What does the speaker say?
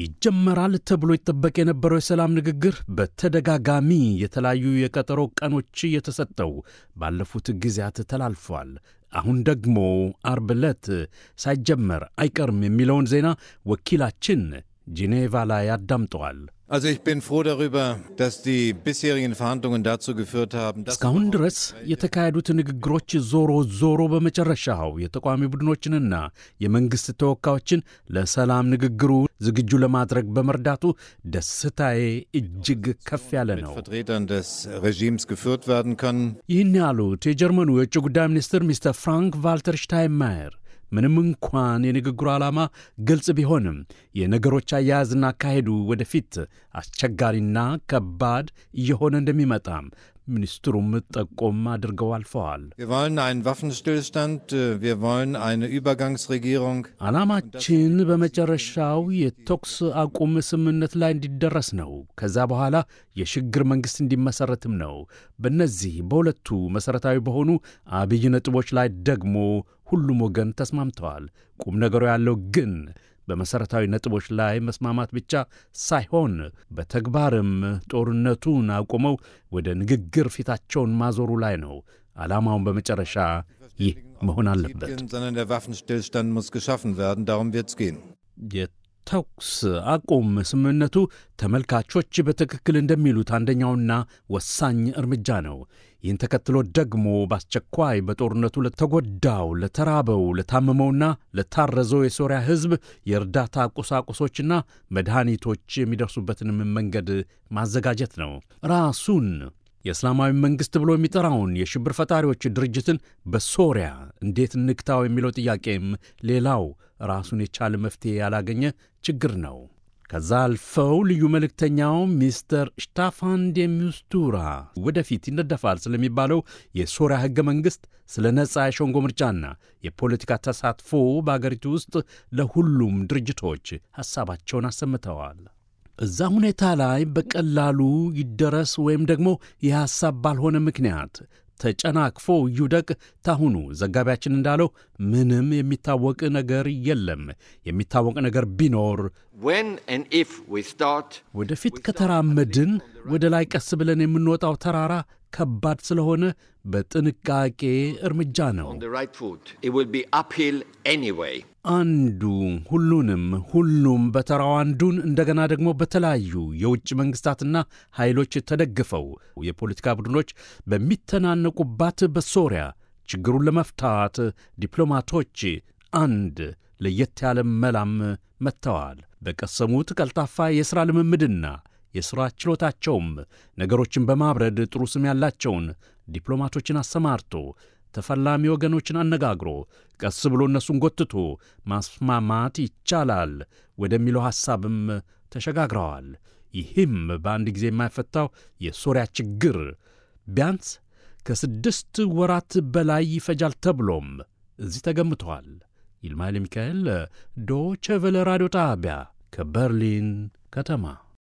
ይጀመራል ተብሎ ይጠበቅ የነበረው የሰላም ንግግር በተደጋጋሚ የተለያዩ የቀጠሮ ቀኖች እየተሰጠው ባለፉት ጊዜያት ተላልፏል። አሁን ደግሞ አርብ ዕለት ሳይጀመር አይቀርም የሚለውን ዜና ወኪላችን ጄኔቫ ላይ አዳምጠዋል። እስካሁን ድረስ የተካሄዱት ንግግሮች ዞሮ ዞሮ በመጨረሻው የተቃዋሚ ቡድኖችንና የመንግሥት ተወካዮችን ለሰላም ንግግሩ ዝግጁ ለማድረግ በመርዳቱ ደስታዬ እጅግ ከፍ ያለ ነው። ይህን ያሉት የጀርመኑ የውጭ ጉዳይ ሚኒስትር ሚስተር ፍራንክ ቫልተር ሽታይንማየር ምንም እንኳን የንግግሩ ዓላማ ግልጽ ቢሆንም የነገሮች አያያዝና አካሄዱ ወደፊት አስቸጋሪና ከባድ እየሆነ እንደሚመጣም ሚኒስትሩም ጠቆም አድርገው አልፈዋል። ዓላማችን äh, በመጨረሻው የተኩስ አቁም ስምምነት ላይ እንዲደረስ ነው። ከዛ በኋላ የሽግግር መንግሥት እንዲመሠረትም ነው። በእነዚህ በሁለቱ መሠረታዊ በሆኑ አብይ ነጥቦች ላይ ደግሞ ሁሉም ወገን ተስማምተዋል። ቁም ነገሩ ያለው ግን በመሠረታዊ ነጥቦች ላይ መስማማት ብቻ ሳይሆን በተግባርም ጦርነቱን አቁመው ወደ ንግግር ፊታቸውን ማዞሩ ላይ ነው። ዓላማውን በመጨረሻ ይህ መሆን አለበት። ተኩስ አቁም ስምምነቱ ተመልካቾች በትክክል እንደሚሉት አንደኛውና ወሳኝ እርምጃ ነው። ይህን ተከትሎ ደግሞ በአስቸኳይ በጦርነቱ ለተጎዳው፣ ለተራበው፣ ለታመመውና ለታረዘው የሶሪያ ሕዝብ የእርዳታ ቁሳቁሶችና መድኃኒቶች የሚደርሱበትንም መንገድ ማዘጋጀት ነው። ራሱን የእስላማዊ መንግሥት ብሎ የሚጠራውን የሽብር ፈጣሪዎች ድርጅትን በሶሪያ እንዴት ንግታው የሚለው ጥያቄም ሌላው ራሱን የቻለ መፍትሄ ያላገኘ ችግር ነው። ከዛ አልፈው ልዩ መልእክተኛው ሚስተር ሽታፋን ዴ ሚስቱራ ወደፊት ይነደፋል ስለሚባለው የሶሪያ ሕገ መንግሥት፣ ስለ ነጻ የሸንጎ ምርጫና የፖለቲካ ተሳትፎ በአገሪቱ ውስጥ ለሁሉም ድርጅቶች ሐሳባቸውን አሰምተዋል። እዛ ሁኔታ ላይ በቀላሉ ይደረስ ወይም ደግሞ የሐሳብ ባልሆነ ምክንያት ተጨናክፎ ይውደቅ። ታሁኑ ዘጋቢያችን እንዳለው ምንም የሚታወቅ ነገር የለም። የሚታወቅ ነገር ቢኖር ወደፊት ከተራመድን ወደ ላይ ቀስ ብለን የምንወጣው ተራራ ከባድ ስለሆነ በጥንቃቄ እርምጃ ነው። አንዱ ሁሉንም ሁሉም በተራው አንዱን እንደገና ደግሞ በተለያዩ የውጭ መንግስታትና ኃይሎች ተደግፈው የፖለቲካ ቡድኖች በሚተናነቁባት በሶሪያ ችግሩን ለመፍታት ዲፕሎማቶች አንድ ለየት ያለ መላም መጥተዋል። በቀሰሙት ቀልጣፋ የሥራ ልምምድና የሥራ ችሎታቸውም ነገሮችን በማብረድ ጥሩ ስም ያላቸውን ዲፕሎማቶችን አሰማርቶ ተፈላሚ ወገኖችን አነጋግሮ ቀስ ብሎ እነሱን ጎትቶ ማስማማት ይቻላል ወደሚለው ሐሳብም ተሸጋግረዋል። ይህም በአንድ ጊዜ የማይፈታው የሶሪያ ችግር ቢያንስ ከስድስት ወራት በላይ ይፈጃል ተብሎም እዚህ ተገምተዋል። ይልማ ሚካኤል ዶቸቨለ ራዲዮ ጣቢያ ከበርሊን ከተማ